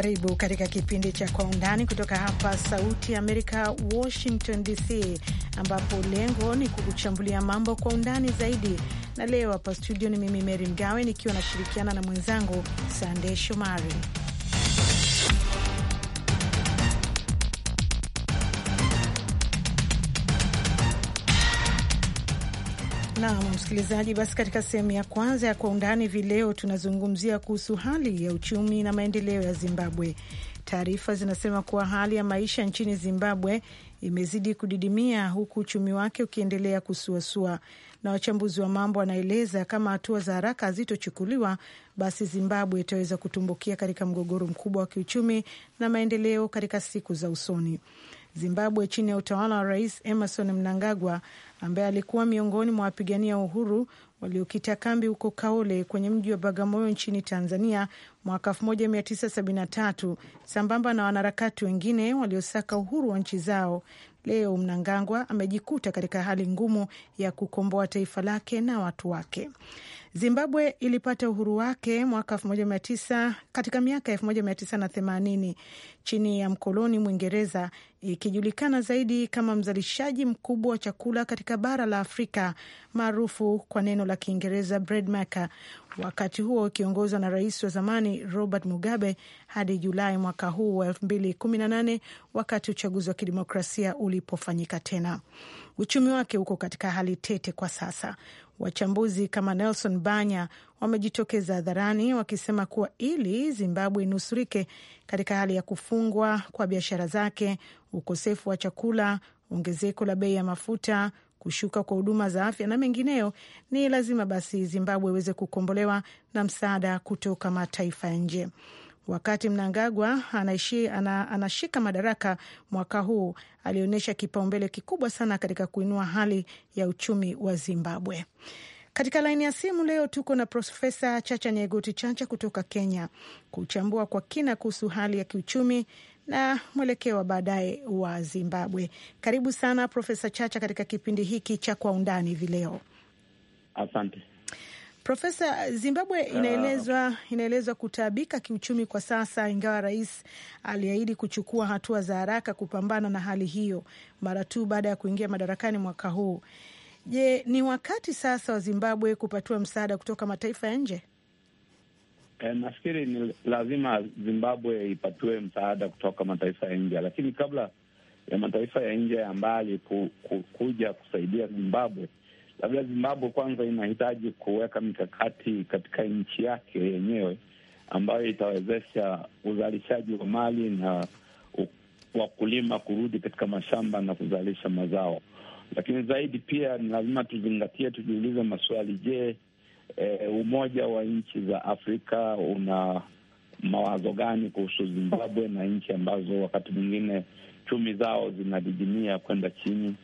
Karibu katika kipindi cha Kwa Undani kutoka hapa Sauti ya Amerika, Washington DC, ambapo lengo ni kukuchambulia mambo kwa undani zaidi. Na leo hapa studio ni mimi Meri Mgawe nikiwa nashirikiana na mwenzangu Sandey Shomari. Nam msikilizaji, basi katika sehemu ya kwanza ya kwa undani hivi leo tunazungumzia kuhusu hali ya uchumi na maendeleo ya Zimbabwe. Taarifa zinasema kuwa hali ya maisha nchini Zimbabwe imezidi kudidimia, huku uchumi wake ukiendelea kusuasua, na wachambuzi wa mambo wanaeleza kama hatua za haraka hazitochukuliwa, basi Zimbabwe itaweza kutumbukia katika mgogoro mkubwa wa kiuchumi na maendeleo katika siku za usoni. Zimbabwe chini ya utawala wa Rais Emerson Mnangagwa ambaye alikuwa miongoni mwa wapigania uhuru waliokita kambi huko Kaole kwenye mji wa Bagamoyo nchini Tanzania mwaka 1973 sambamba na wanaharakati wengine waliosaka uhuru wa nchi zao. Leo Mnangagwa amejikuta katika hali ngumu ya kukomboa taifa lake na watu wake. Zimbabwe ilipata uhuru wake mwaka tisa katika miaka themanini chini ya mkoloni Mwingereza, ikijulikana zaidi kama mzalishaji mkubwa wa chakula katika bara la Afrika, maarufu kwa neno la Kiingereza breadmaker, wakati huo ikiongozwa na rais wa zamani Robert Mugabe hadi Julai mwaka huu wa nane wakati uchaguzi wa kidemokrasia ulipofanyika tena. Uchumi wake uko katika hali tete kwa sasa Wachambuzi kama Nelson Banya wamejitokeza hadharani wakisema kuwa ili Zimbabwe inusurike katika hali ya kufungwa kwa biashara zake, ukosefu wa chakula, ongezeko la bei ya mafuta, kushuka kwa huduma za afya na mengineyo, ni lazima basi Zimbabwe iweze kukombolewa na msaada kutoka mataifa ya nje. Wakati Mnangagwa anaishi, ana, anashika madaraka mwaka huu, alionyesha kipaumbele kikubwa sana katika kuinua hali ya uchumi wa Zimbabwe. Katika laini ya simu leo tuko na Profesa Chacha nyegoti Chacha kutoka Kenya kuchambua kwa kina kuhusu hali ya kiuchumi na mwelekeo wa baadaye wa Zimbabwe. Karibu sana Profesa Chacha katika kipindi hiki cha Kwa Undani hivi leo. Asante. Profesa, Zimbabwe ah. inaelezwa inaelezwa kutaabika kiuchumi kwa sasa, ingawa rais aliahidi kuchukua hatua za haraka kupambana na hali hiyo mara tu baada ya kuingia madarakani mwaka huu. Je, ni wakati sasa wa Zimbabwe kupatiwa msaada kutoka mataifa ya nje? E, nafikiri ni lazima Zimbabwe ipatiwe msaada kutoka mataifa ya nje, lakini kabla ya mataifa ya nje ya mbali ku, ku, kuja kusaidia Zimbabwe labda Zimbabwe kwanza inahitaji kuweka mikakati katika nchi yake yenyewe ambayo itawezesha uzalishaji wa mali na wakulima kurudi katika mashamba na kuzalisha mazao. Lakini zaidi pia ni lazima tuzingatie, tujiulize maswali. Je, e, umoja wa nchi za Afrika una mawazo gani kuhusu Zimbabwe na nchi ambazo wakati mwingine chumi zao zinadidimia kwenda chini?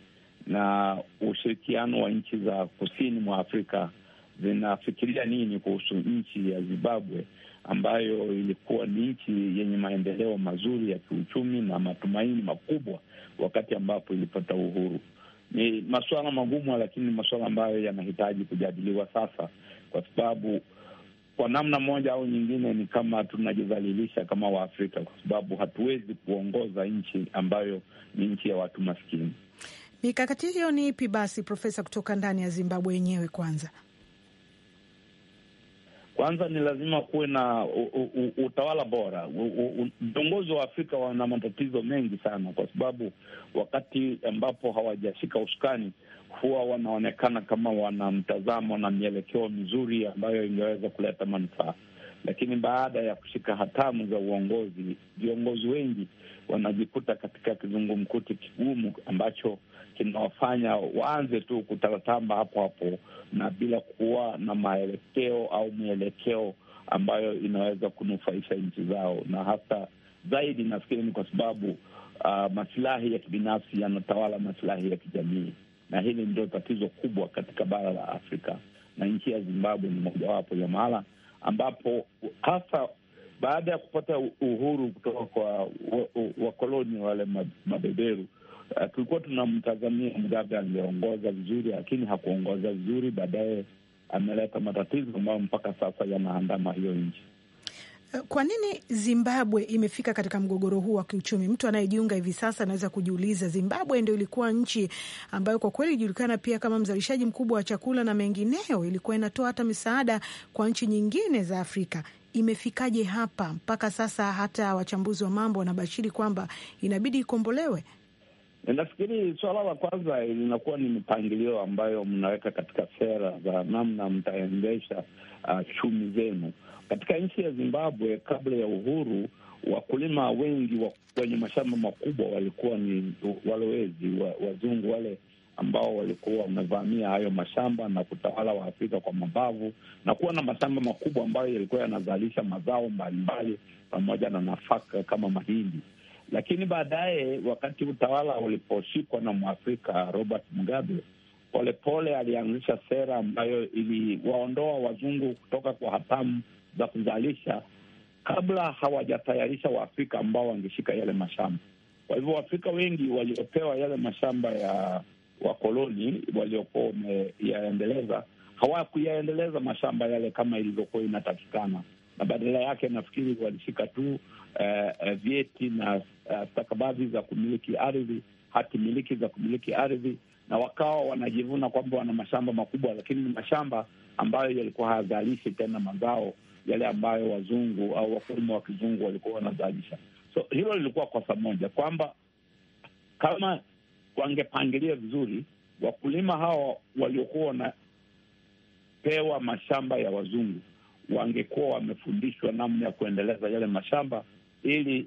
na ushirikiano wa nchi za kusini mwa Afrika zinafikiria nini kuhusu nchi ya Zimbabwe ambayo ilikuwa ni nchi yenye maendeleo mazuri ya kiuchumi na matumaini makubwa wakati ambapo ilipata uhuru. Ni masuala magumu, lakini ni masuala ambayo yanahitaji kujadiliwa sasa, kwa sababu kwa namna moja au nyingine ni kama tunajidhalilisha kama Waafrika, kwa sababu hatuwezi kuongoza nchi ambayo ni nchi ya watu maskini. Mikakati hiyo ni ipi basi, Profesa, kutoka ndani ya Zimbabwe yenyewe? Kwanza kwanza ni lazima kuwe na u, u, utawala bora. Viongozi wa Afrika wana matatizo mengi sana, kwa sababu wakati ambapo hawajashika usukani huwa wanaonekana kama wana mtazamo na mielekeo mizuri ambayo ingeweza kuleta manufaa lakini baada ya kushika hatamu za uongozi, viongozi wengi wanajikuta katika kizungumkuti kigumu ambacho kinawafanya waanze tu kutaratamba hapo hapo na bila kuwa na maelekeo au mielekeo ambayo inaweza kunufaisha nchi zao, na hasa zaidi nafikiri ni kwa sababu uh, ah, masilahi ya kibinafsi yanatawala masilahi ya kijamii, na hili ndio tatizo kubwa katika bara la Afrika, na nchi ya Zimbabwe ni mojawapo ya mahala ambapo hasa baada ya kupata uhuru kutoka kwa wakoloni wale mabeberu, uh, tulikuwa tunamtazamia Mgabe angeongoza vizuri, lakini hakuongoza vizuri. Baadaye ameleta matatizo ambayo mpaka sasa yanaandama hiyo nchi. Kwa nini Zimbabwe imefika katika mgogoro huu wa kiuchumi? Mtu anayejiunga hivi sasa anaweza kujiuliza, Zimbabwe ndio ilikuwa nchi ambayo kwa kweli ilijulikana pia kama mzalishaji mkubwa wa chakula na mengineo, ilikuwa inatoa hata misaada kwa nchi nyingine za Afrika. Imefikaje hapa mpaka sasa? Hata wachambuzi wa mambo wanabashiri kwamba inabidi ikombolewe Eh, nafikiri suala la kwanza linakuwa ni mipangilio ambayo mnaweka katika sera za namna mtaendesha uh, ah, chumi zenu. Katika nchi ya Zimbabwe kabla ya uhuru, wakulima wengi wa kwenye mashamba makubwa walikuwa ni walowezi wazungu wale ambao walikuwa wamevamia hayo mashamba na kutawala Waafrika kwa mabavu na kuwa na mashamba makubwa ambayo yalikuwa yanazalisha mazao mbalimbali pamoja na nafaka kama mahindi. Lakini baadaye wakati utawala uliposhikwa na Mwafrika Robert Mugabe, polepole alianzisha sera ambayo iliwaondoa wazungu kutoka kwa hatamu za kuzalisha kabla hawajatayarisha Waafrika ambao wangeshika yale mashamba. Kwa hivyo Waafrika wengi waliopewa yale mashamba ya wakoloni waliokuwa wameyaendeleza hawakuyaendeleza mashamba yale kama ilivyokuwa inatakikana na badala yake nafikiri walishika tu uh, vyeti na eh, stakabadhi uh, za kumiliki ardhi, hati miliki za kumiliki ardhi, na wakawa wanajivuna kwamba wana mashamba makubwa, lakini ni mashamba ambayo yalikuwa hayazalishi tena mazao yale ambayo wazungu au wakulima wa kizungu walikuwa wanazalisha. So hilo lilikuwa kosa moja, kwamba kama wangepangilia vizuri, wakulima hawa waliokuwa wanapewa mashamba ya wazungu wangekuwa wamefundishwa namna ya kuendeleza yale mashamba ili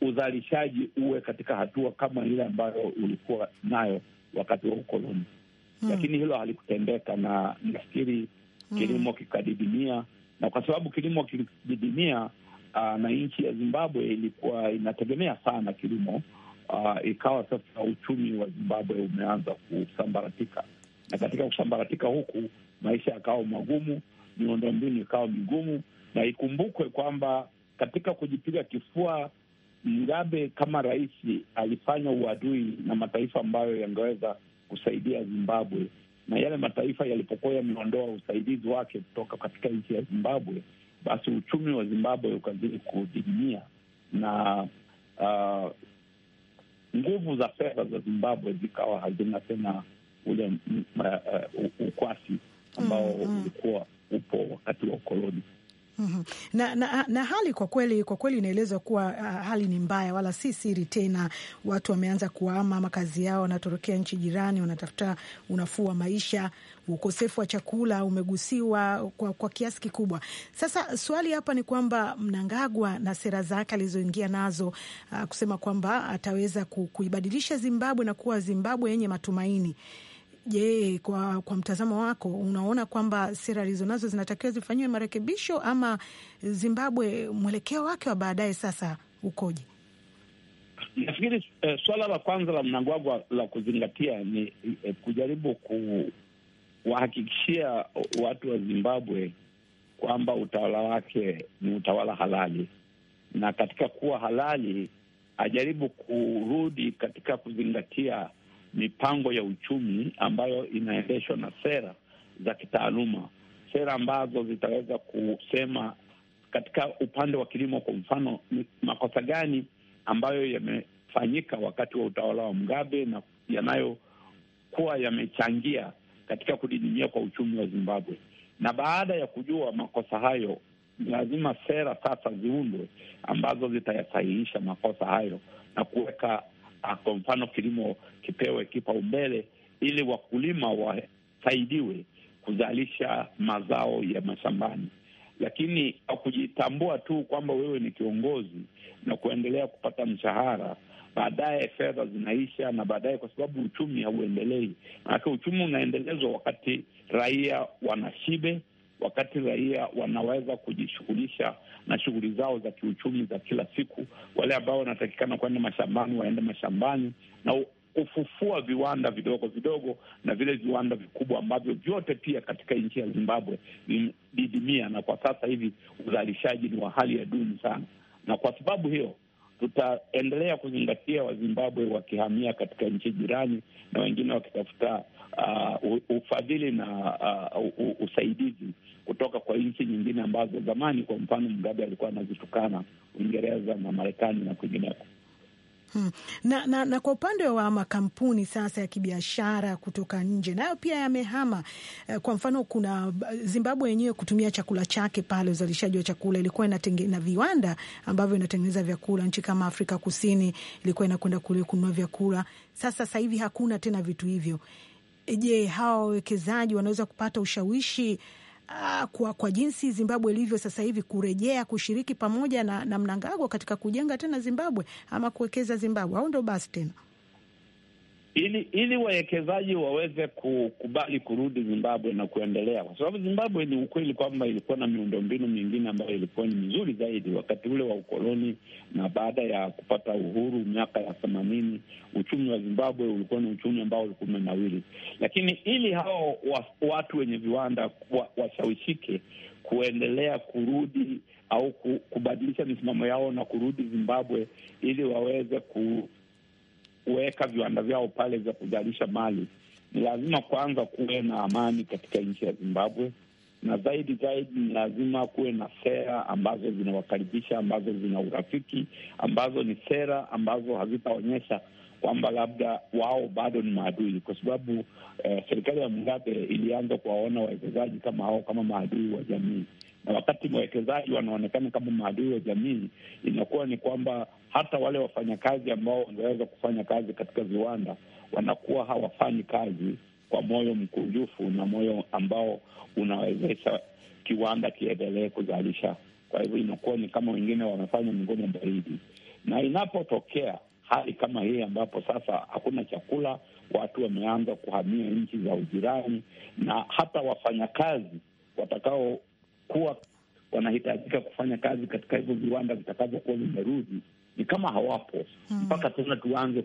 uzalishaji uwe katika hatua kama ile ambayo ulikuwa nayo wakati wa ukoloni. Hmm. Lakini hilo halikutendeka, na nafikiri hmm. kilimo hmm, kikadidimia, na kwa sababu kilimo kilididimia, uh, ah, na nchi ya Zimbabwe ilikuwa inategemea sana kilimo uh, ikawa sasa uchumi wa Zimbabwe umeanza kusambaratika, na katika kusambaratika huku maisha yakawa magumu miundombinu ikawa migumu, na ikumbukwe kwamba katika kujipiga kifua, Mugabe kama rais alifanya uadui na mataifa ambayo yangeweza kusaidia Zimbabwe, na yale mataifa yalipokuwa yameondoa usaidizi wake kutoka katika nchi ya Zimbabwe, basi uchumi wa Zimbabwe ukazidi kudidimia na uh, nguvu za fedha za Zimbabwe zikawa hazina tena ule uh, uh, ukwasi ambao mm, mm. ulikuwa mm -hmm upo wakati wa ukoloni. Mm -hmm. Na, na, na hali kwa kweli kwa kweli inaelezwa kuwa uh, hali ni mbaya, wala si siri tena. Watu wameanza kuhama makazi yao, wanatorokea nchi jirani, wanatafuta unafuu wa maisha. Ukosefu wa chakula umegusiwa kwa, kwa kiasi kikubwa. Sasa swali hapa ni kwamba Mnangagwa na sera zake alizoingia nazo, uh, kusema kwamba ataweza kuibadilisha Zimbabwe na kuwa Zimbabwe yenye matumaini Je, kwa, kwa mtazamo wako unaona kwamba sera nazo zinatakiwa zifanyiwe marekebisho ama Zimbabwe mwelekeo wake wa baadaye sasa ukoje? Nafikiri eh, suala la kwanza la Mnangagwa la kuzingatia ni eh, kujaribu kuwahakikishia watu wa Zimbabwe kwamba utawala wake ni utawala halali, na katika kuwa halali ajaribu kurudi katika kuzingatia mipango ya uchumi ambayo inaendeshwa na sera za kitaaluma, sera ambazo zitaweza kusema katika upande wa kilimo, kwa mfano, ni makosa gani ambayo yamefanyika wakati wa utawala wa Mugabe na yanayokuwa yamechangia katika kudidimia kwa uchumi wa Zimbabwe. Na baada ya kujua makosa hayo, lazima sera sasa ziundwe ambazo zitayasahihisha makosa hayo na kuweka kwa mfano kilimo kipewe kipaumbele ili wakulima wasaidiwe kuzalisha mazao ya mashambani. Lakini kwa kujitambua tu kwamba wewe ni kiongozi na kuendelea kupata mshahara, baadaye fedha zinaisha, na baadaye kwa sababu uchumi hauendelei. Manake uchumi unaendelezwa wakati raia wanashibe wakati raia wanaweza kujishughulisha na shughuli zao za kiuchumi za kila siku. Wale ambao wanatakikana kwenda mashambani waende mashambani na kufufua viwanda vidogo vidogo na vile viwanda vikubwa ambavyo vyote pia katika nchi ya Zimbabwe vimedidimia na kwa sasa hivi uzalishaji ni wa hali ya duni sana, na kwa sababu hiyo tutaendelea kuzingatia Wazimbabwe wakihamia katika nchi jirani na wengine wakitafuta uh, ufadhili na uh, usaidizi kutoka kwa nchi nyingine ambazo zamani, kwa mfano, Mugabe alikuwa anazitukana Uingereza na Marekani na kwingineko. Hmm. Na, na, na kwa upande wa makampuni sasa ya kibiashara kutoka nje nayo pia yamehama. Eh, kwa mfano, kuna Zimbabwe yenyewe kutumia chakula chake pale, uzalishaji wa chakula ilikuwa na viwanda ambavyo inatengeneza vyakula. Nchi kama Afrika Kusini ilikuwa inakwenda kule kununua vyakula. Sasa sasa hivi hakuna tena vitu hivyo. Je, hawa wawekezaji wanaweza kupata ushawishi Ah, kwa, kwa jinsi Zimbabwe ilivyo sasa hivi kurejea kushiriki pamoja na, na Mnangagwa katika kujenga tena Zimbabwe ama kuwekeza Zimbabwe au ndo basi tena ili ili wawekezaji waweze kukubali kurudi Zimbabwe na kuendelea, kwa sababu Zimbabwe ni ukweli kwamba ilikuwa na miundombinu mingine ambayo ilikuwa ni mizuri zaidi wakati ule wa ukoloni, na baada ya kupata uhuru miaka ya themanini, uchumi wa Zimbabwe ulikuwa ni uchumi ambao ulikuwa umenawiri. Lakini ili hao watu wenye viwanda washawishike kuendelea kurudi au kubadilisha misimamo yao na kurudi Zimbabwe ili waweze ku kuweka viwanda vyao pale vya kuzalisha mali, ni lazima kwanza kuwe na amani katika nchi ya Zimbabwe, na zaidi zaidi ni lazima kuwe na sera ambazo zinawakaribisha, ambazo zina urafiki, ambazo ni sera ambazo hazitaonyesha kwamba labda wao bado ni maadui, kwa sababu eh, serikali ya Mugabe ilianza kuwaona wawekezaji kama hao kama maadui wa jamii, na wakati wawekezaji wanaonekana kama maadui wa jamii, inakuwa ni kwamba hata wale wafanyakazi ambao wangeweza kufanya kazi katika viwanda wanakuwa hawafanyi kazi kwa moyo mkunjufu na moyo ambao unawezesha kiwanda kiendelee kuzalisha. Kwa hivyo inakuwa ni kama wengine wamefanya mgomo baridi, na inapotokea hali kama hii ambapo sasa hakuna chakula, watu wameanza kuhamia nchi za ujirani, na hata wafanyakazi watakaokuwa wanahitajika kufanya kazi katika hivyo viwanda vitakavyokuwa vimerudi ni kama hawapo hmm. mpaka hmm, tena tuanze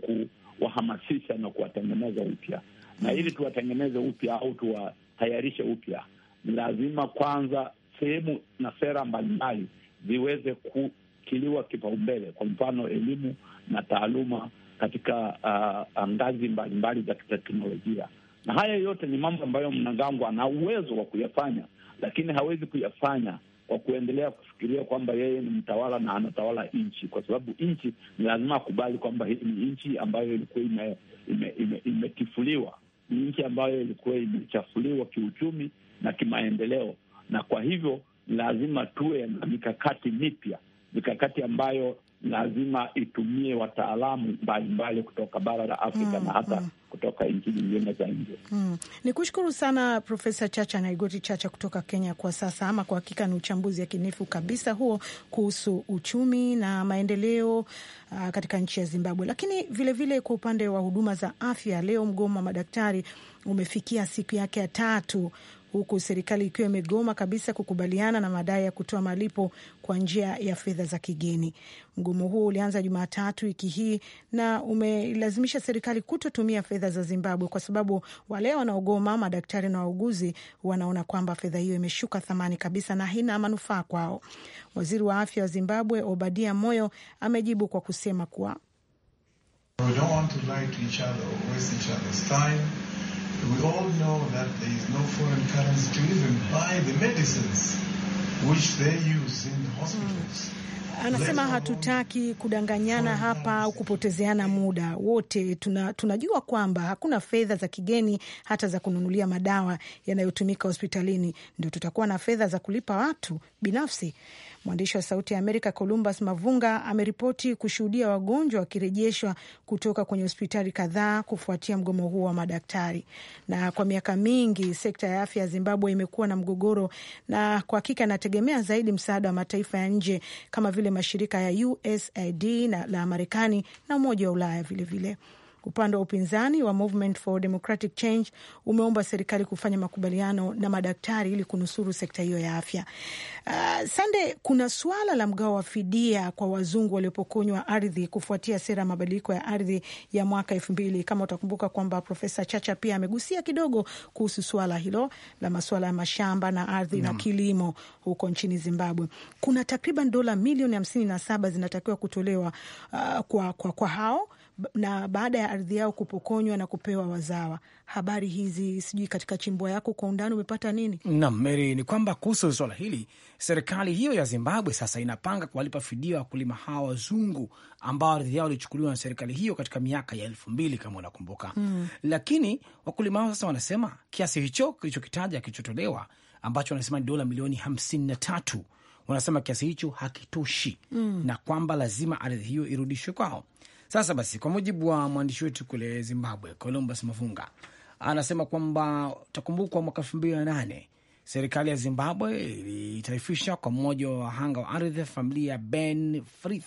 kuwahamasisha na kuwatengeneza upya, na hmm. ili tuwatengeneze upya au tuwatayarishe upya, ni lazima kwanza sehemu na sera mbalimbali ziweze kukiliwa kipaumbele, kwa mfano elimu na taaluma katika uh, ngazi mbalimbali za kiteknolojia. Na haya yote ni mambo ambayo Mnangagwa ana uwezo wa kuyafanya, lakini hawezi kuyafanya wa kuendelea kufikiria kwamba yeye ni mtawala na anatawala nchi, kwa sababu nchi ni lazima akubali kwamba hii ni nchi ambayo ilikuwa imetifuliwa, ni nchi ambayo ilikuwa imechafuliwa kiuchumi na kimaendeleo, na kwa hivyo lazima tuwe na mikakati mipya, mikakati ambayo lazima itumie wataalamu mbalimbali kutoka bara la Afrika mm, na hata mm kutoka nchi nyingine za nje. Mm. Ni kushukuru sana Profesa Chacha Naigoti Chacha kutoka Kenya kwa sasa, ama kwa hakika ni uchambuzi yakinifu kabisa huo kuhusu uchumi na maendeleo uh, katika nchi ya Zimbabwe. Lakini vilevile kwa upande wa huduma za afya, leo mgomo wa madaktari umefikia siku yake ya tatu huku serikali ikiwa imegoma kabisa kukubaliana na madai ya kutoa malipo kwa njia ya fedha za kigeni. Mgomo huo ulianza Jumatatu wiki hii na umelazimisha serikali kutotumia fedha za Zimbabwe kwa sababu wale wanaogoma, madaktari na wauguzi, wanaona kwamba fedha hiyo imeshuka thamani kabisa na haina manufaa kwao. Waziri wa afya wa Zimbabwe Obadia Moyo amejibu kwa kusema kuwa we all know that there is no foreign currency to even buy the medicines which they use in the hospitals. Mm. Anasema hatutaki kudanganyana hapa au kupotezeana muda wote. Tuna, tunajua kwamba hakuna fedha za kigeni hata za kununulia madawa yanayotumika hospitalini, ndio tutakuwa na fedha za kulipa watu binafsi. Mwandishi wa Sauti ya Amerika Columbus Mavunga ameripoti kushuhudia wagonjwa wakirejeshwa kutoka kwenye hospitali kadhaa kufuatia mgomo huo wa madaktari. Na kwa miaka mingi sekta ya afya ya Zimbabwe imekuwa na mgogoro, na kwa hakika inategemea zaidi msaada wa mataifa ya nje kama vile mashirika ya USAID na la Marekani na Umoja wa Ulaya vilevile vile. Upande wa upinzani wa Movement for Democratic Change umeomba serikali kufanya makubaliano na madaktari ili kunusuru sekta hiyo ya afya. Uh, Sande, kuna swala la mgao wa fidia kwa wazungu waliopokonywa ardhi kufuatia sera ya mabadiliko ya ardhi ya mwaka elfu mbili. Kama utakumbuka kwamba Profesa Chacha pia amegusia kidogo kuhusu swala hilo la masuala ya mashamba na ardhi na kilimo huko nchini Zimbabwe. Kuna takriban dola milioni hamsini na saba zinatakiwa kutolewa uh, kwa, kwa, kwa hao na baada ya ardhi yao kupokonywa na kupewa wazawa. Habari hizi sijui katika chimbwa yako kwa undani umepata nini? Naam, Mary, ni kwamba kuhusu swala hili, serikali hiyo ya Zimbabwe sasa inapanga kuwalipa fidia wakulima hawa wazungu ambao ardhi yao ilichukuliwa na serikali hiyo katika miaka ya elfu mbili kama unakumbuka. Mm. Lakini wakulima hao sasa wanasema kiasi hicho kilichokitaja kilichotolewa ambacho wanasema ni dola milioni hamsini na tatu wanasema kiasi hicho hakitoshi. Mm. na kwamba lazima ardhi hiyo irudishwe kwao. Sasa basi, kwa mujibu wa mwandishi wetu kule Zimbabwe, Columbus Mavunga anasema kwamba takumbukwa mwaka elfu mbili na nane serikali ya Zimbabwe ilitaifisha kwa mmoja wa wahanga wa ardhi, familia ya Ben Frith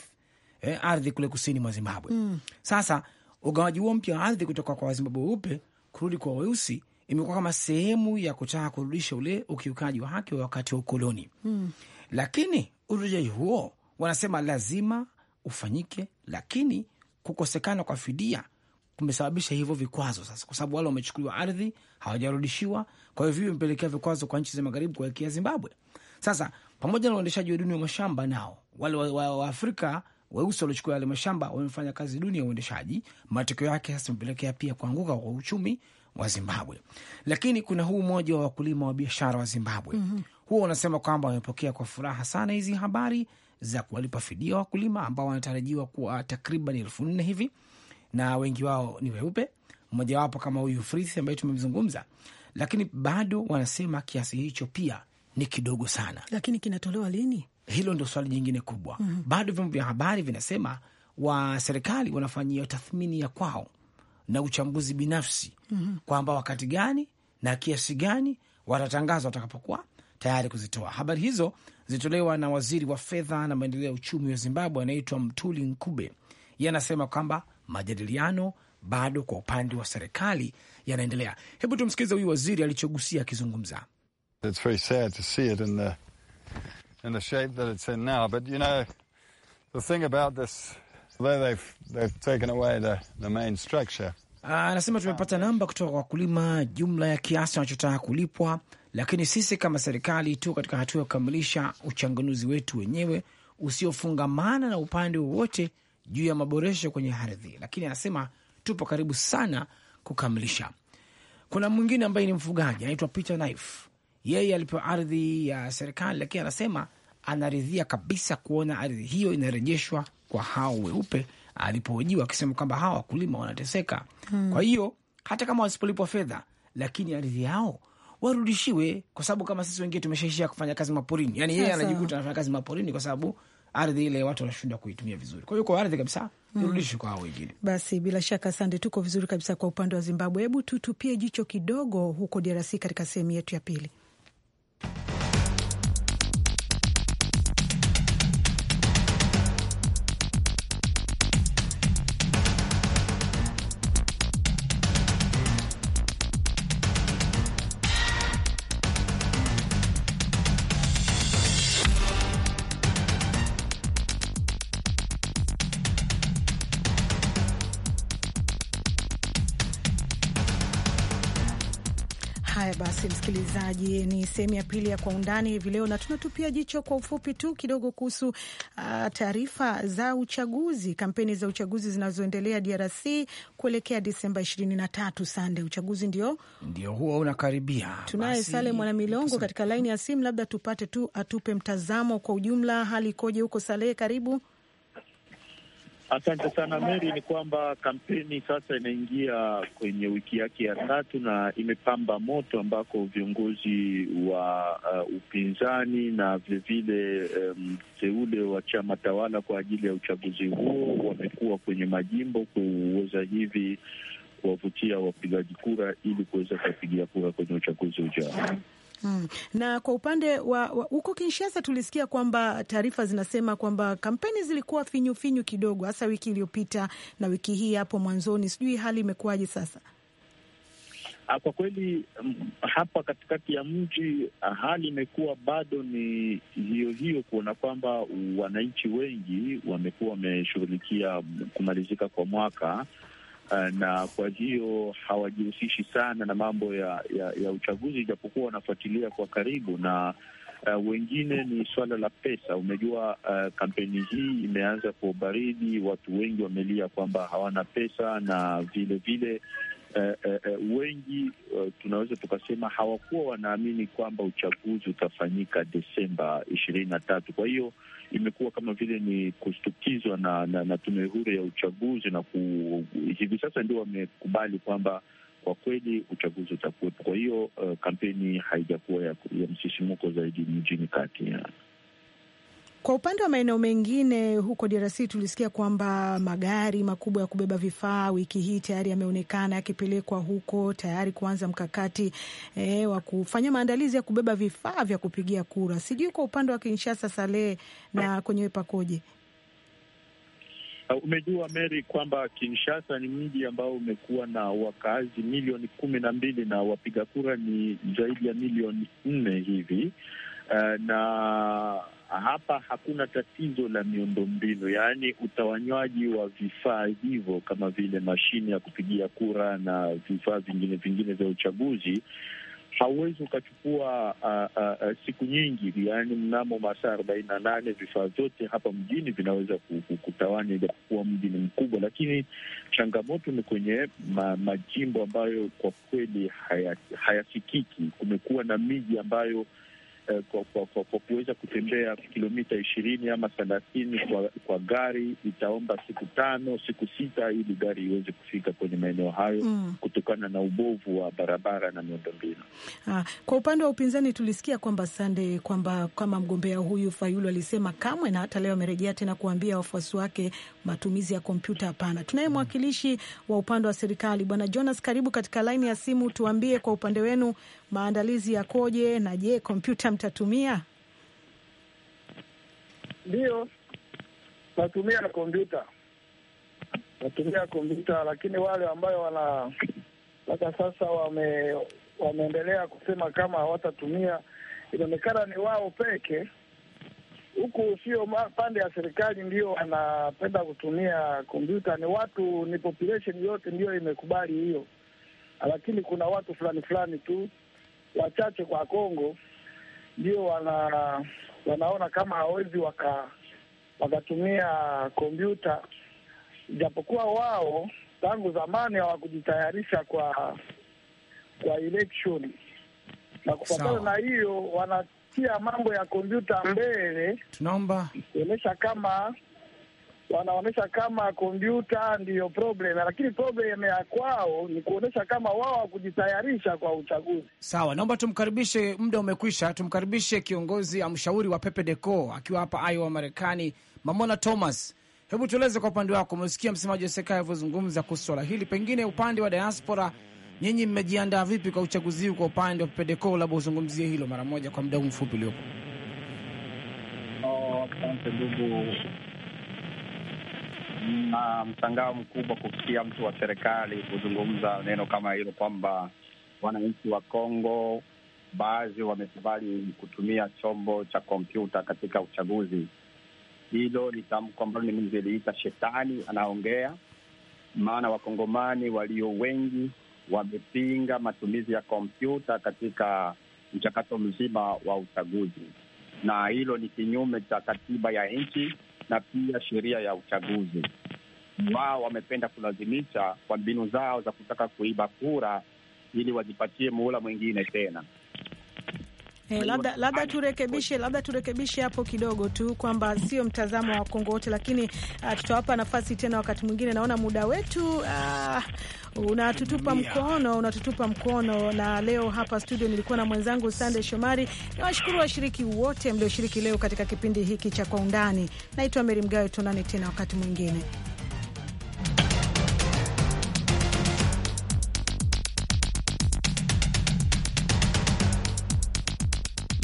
eh, ardhi kule kusini mwa Zimbabwe mm. Sasa ugawaji huo mpya wa ardhi kutoka kwa Wazimbabwe weupe kurudi kwa weusi imekuwa kama sehemu ya kutaka kurudisha ule ukiukaji wa haki wa wakati wa ukoloni mm. Lakini urudishaji huo wanasema lazima ufanyike, lakini kukosekana kwa fidia kumesababisha hivyo vikwazo sasa, kwa sababu wale wamechukuliwa ardhi hawajarudishiwa. Kwa hivyo vimepelekea vikwazo kwa nchi za magharibi kuelekea Zimbabwe. Sasa pamoja na uendeshaji wa duni wa mashamba, nao wale Waafrika wa, Afrika weusi waliochukua yale mashamba wamefanya kazi duni ya uendeshaji. Matokeo yake sasa imepelekea pia kuanguka kwa uchumi wa Zimbabwe. Lakini kuna huu mmoja wa wakulima wa biashara wa Zimbabwe mm -hmm. huo unasema kwamba wamepokea kwa furaha sana hizi habari za kuwalipa fidia wakulima ambao wanatarajiwa kuwa takriban elfu nne hivi, na wengi wao ni weupe, mmojawapo kama huyu Frith ambaye tumemzungumza, lakini bado wanasema kiasi hicho pia ni kidogo sana. Lakini kinatolewa lini? Hilo ndo swali jingine kubwa. mm -hmm. Bado vyombo vya habari vinasema wa serikali wanafanyia tathmini ya kwao na uchambuzi binafsi mm -hmm. kwamba wakati gani na kiasi gani watatangazwa watakapokuwa tayari kuzitoa habari hizo zilitolewa na waziri wa fedha na maendeleo ya uchumi wa Zimbabwe anaitwa Mtuli Nkube. Yeye anasema kwamba majadiliano bado kwa upande wa serikali yanaendelea. Hebu tumsikilize huyu waziri alichogusia akizungumza. Anasema tumepata namba kutoka kwa wakulima, jumla ya kiasi wanachotaka kulipwa lakini sisi kama serikali tu katika hatua ya kukamilisha uchanganuzi wetu wenyewe usiofungamana na upande wowote juu ya maboresho kwenye ardhi, lakini anasema tupo karibu sana kukamilisha. Kuna mwingine ambaye ni mfugaji anaitwa Peter Knife, yeye alipewa ardhi ya serikali, lakini anasema anaridhia kabisa kuona ardhi hiyo inarejeshwa kwa hao weupe, alipohojiwa akisema kwamba hawa wakulima wanateseka. Hmm. Kwa hiyo hata kama wasipolipwa fedha, lakini ardhi yao warudishiwe, kwa sababu kama sisi wengine tumeshaishia kufanya kazi maporini. Yani yeye anajikuta anafanya kazi maporini kwa sababu ardhi ile watu wanashindwa kuitumia vizuri. Kwa hiyo kwa ardhi kabisa irudishwe hmm. kwa hao wengine. Basi bila shaka, asante. Tuko vizuri kabisa kwa upande wa Zimbabwe. Hebu tutupie jicho kidogo huko DRC katika sehemu yetu ya pili. Haya basi, msikilizaji, ni sehemu ya pili ya Kwa Undani hivi leo, na tunatupia jicho kwa ufupi tu kidogo kuhusu uh, taarifa za uchaguzi, kampeni za uchaguzi zinazoendelea DRC kuelekea Disemba 23. Sande, uchaguzi ndio ndio huo unakaribia. Tunaye Sale mwanamilongo Milongo katika laini ya simu, labda tupate tu atupe mtazamo kwa ujumla, hali ikoje huko Salehe? Karibu. Asante sana Mary, ni kwamba kampeni sasa inaingia kwenye wiki yake ya tatu na imepamba moto, ambako viongozi wa uh, upinzani na vilevile mteule um, wa chama tawala kwa ajili ya uchaguzi huo wamekuwa kwenye majimbo kuweza hivi kuwavutia wapigaji kura ili kuweza kuwapigia kura kwenye uchaguzi ujao. Hmm. Na kwa upande wa huko Kinshasa tulisikia kwamba taarifa zinasema kwamba kampeni zilikuwa finyu finyu kidogo, hasa wiki iliyopita na wiki hii hapo mwanzoni. Sijui hali imekuwaje sasa? Ah, kwa kweli mm, hapa katikati ya mji ah, hali imekuwa bado ni hiyo hiyo, kuona kwamba wananchi wengi wamekuwa wameshughulikia mm, kumalizika kwa mwaka Eh, na kwa hiyo hawajihusishi sana na mambo ya, ya, ya uchaguzi, ijapokuwa wanafuatilia kwa karibu na Uh, wengine ni swala la pesa. Umejua, uh, kampeni hii imeanza kwa ubaridi, watu wengi wamelia kwamba hawana pesa, na vilevile Eh, eh, eh, wengi eh, tunaweza tukasema hawakuwa wanaamini kwamba uchaguzi utafanyika Desemba ishirini na tatu. Kwa hiyo imekuwa kama vile ni kushtukizwa na, na, na tume huru ya uchaguzi na ku, hivi sasa ndio wamekubali kwamba kwa kweli uchaguzi utakuwepo. Kwa hiyo uh, kampeni haijakuwa ya, ya msisimuko zaidi mjini kati ya kwa upande wa maeneo mengine huko DRC tulisikia kwamba magari makubwa ya kubeba vifaa wiki hii tayari yameonekana yakipelekwa huko tayari kuanza mkakati e, wa kufanya maandalizi ya kubeba vifaa vya kupigia kura. Sijui kwa upande wa Kinshasa, Salehe, na kwenyewe pakoje? Uh, umejua Mary kwamba Kinshasa ni mji ambao umekuwa na wakazi milioni kumi na mbili na wapiga kura ni zaidi ya milioni nne hivi uh, na hapa hakuna tatizo la miundombinu, yaani utawanywaji wa vifaa hivyo kama vile mashine ya kupigia kura na vifaa vingine vingine vya uchaguzi hauwezi ukachukua uh, uh, uh, siku nyingi, yaani mnamo masaa arobaini na nane vifaa vyote hapa mjini vinaweza kutawanya, ijapokuwa mji ni mkubwa. Lakini changamoto ni kwenye ma, majimbo ambayo kwa kweli hayafikiki Haya, kumekuwa na miji ambayo Eh, kwa, kwa, kwa, kwa kuweza kutembea kilomita ishirini ama thelathini kwa, kwa gari itaomba siku tano siku sita ili gari iweze kufika kwenye maeneo hayo mm, kutokana na ubovu wa barabara na miundombinu. Ah, kwa upande wa upinzani tulisikia kwamba sande kwamba kama mgombea huyu Fayulu alisema kamwe, na hata leo amerejea tena kuambia wafuasi wake matumizi ya kompyuta hapana. Tunaye mm. mwakilishi wa upande wa serikali Bwana Jonas, karibu katika laini ya simu, tuambie kwa upande wenu maandalizi yakoje? Na je, kompyuta mtatumia? Ndiyo, natumia na kompyuta, natumia kompyuta, lakini wale ambayo wana mpaka sasa wame, wameendelea kusema kama hawatatumia, inaonekana ni wao peke huku, sio pande ya serikali ndio wanapenda kutumia kompyuta, ni watu, ni population yote ndio imekubali hiyo, lakini kuna watu fulani fulani tu wachache kwa Kongo ndio wana, wanaona kama hawezi waka, wakatumia kompyuta, japokuwa wao tangu zamani hawakujitayarisha kwa kwa election na kufuatana na hiyo wanatia mambo ya kompyuta hmm. mbele. Tunaomba kuonyesha kama wanaonyesha kama kompyuta ndiyo problem, lakini problem ya kwao ni kuonyesha kama wao wakujitayarisha kwa uchaguzi. Sawa, naomba tumkaribishe, muda umekwisha. Tumkaribishe kiongozi mshauri wa Pepe Deco akiwa hapa Iowa, Marekani, Mamona Thomas. Hebu tueleze kwa upande wako, umesikia msemaji wa serikali alivyozungumza kuhusu swala hili, pengine upande wa diaspora, nyinyi mmejiandaa vipi kwa uchaguzi huu? Kwa upande wa Pepe Deco, labda uzungumzie hilo mara moja kwa muda huu mfupi uliopo. Oh, asante ndugu na mm. ah, mshangao mkubwa kufikia mtu wa serikali kuzungumza neno kama hilo kwamba wananchi wa Kongo baadhi wamekubali kutumia chombo cha kompyuta katika uchaguzi. Hilo ni tamko ambalo ni mimi niliita shetani anaongea, maana wakongomani walio wengi wamepinga matumizi ya kompyuta katika mchakato mzima wa uchaguzi, na hilo ni kinyume cha katiba ya nchi na pia sheria ya uchaguzi. Wao wamependa kulazimisha kwa mbinu zao za kutaka kuiba kura ili wajipatie muhula mwingine tena. Eh, labda labda turekebishe labda turekebishe hapo kidogo tu kwamba sio mtazamo wa Wakongo wote, lakini uh, tutawapa nafasi tena wakati mwingine. Naona muda wetu uh, unatutupa mkono unatutupa mkono. Na leo hapa studio nilikuwa na mwenzangu Sande Shomari. Nawashukuru washiriki wote mlioshiriki leo katika kipindi hiki cha Kwa Undani. Naitwa Meri Mgawe, tuonane tena wakati mwingine.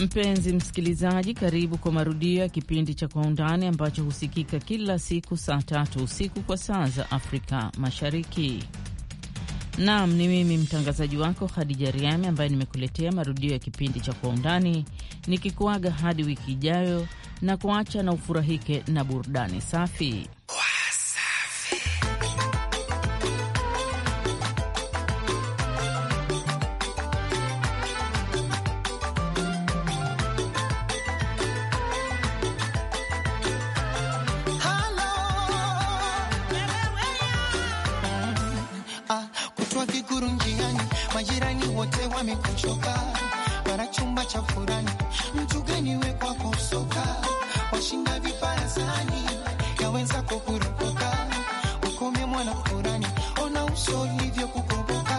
Mpenzi msikilizaji, karibu kwa marudio ya kipindi cha Kwa Undani ambacho husikika kila siku saa tatu usiku kwa saa za Afrika Mashariki. Naam, ni mimi mtangazaji wako hadija Riami ambaye nimekuletea marudio ya kipindi cha Kwa Undani, nikikuaga hadi wiki ijayo na kuacha na ufurahike na burudani safi. wote wamekuchoka, mara chumba cha furani, mtu gani we kwako usoka, washinda viparasani, yaweza kukurupuka, ukome mwana furani, ona uso ulivyokukoboka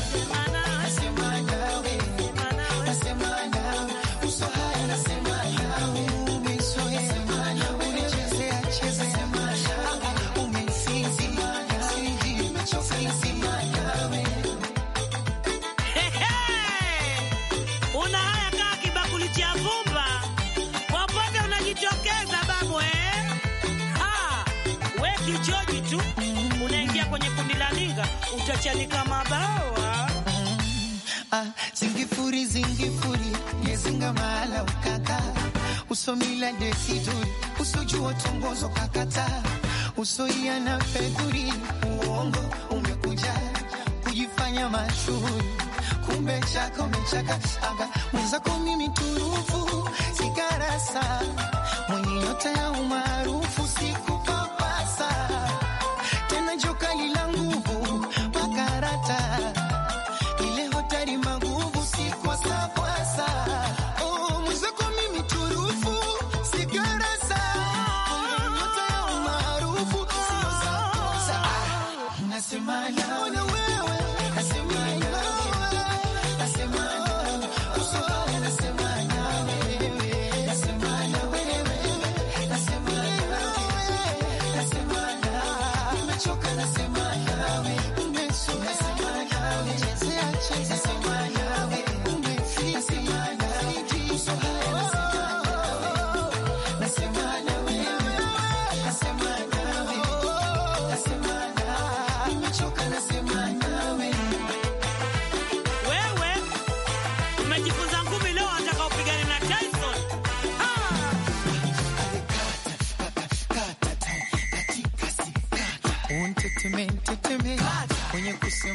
chachani kama bawa ah, zingifuri zingifuri yezinga mahala ukaka usomila desiduri usojua tongozo kakata usoia na fedhuri uongo umekuja kujifanya mashuhuri kumbe chaka umechaka aga mwenzako mimi turufu sikarasa mwenye nyota ya umaarufu sikupapasa tena jokali langu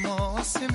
próximo se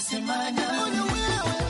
semana.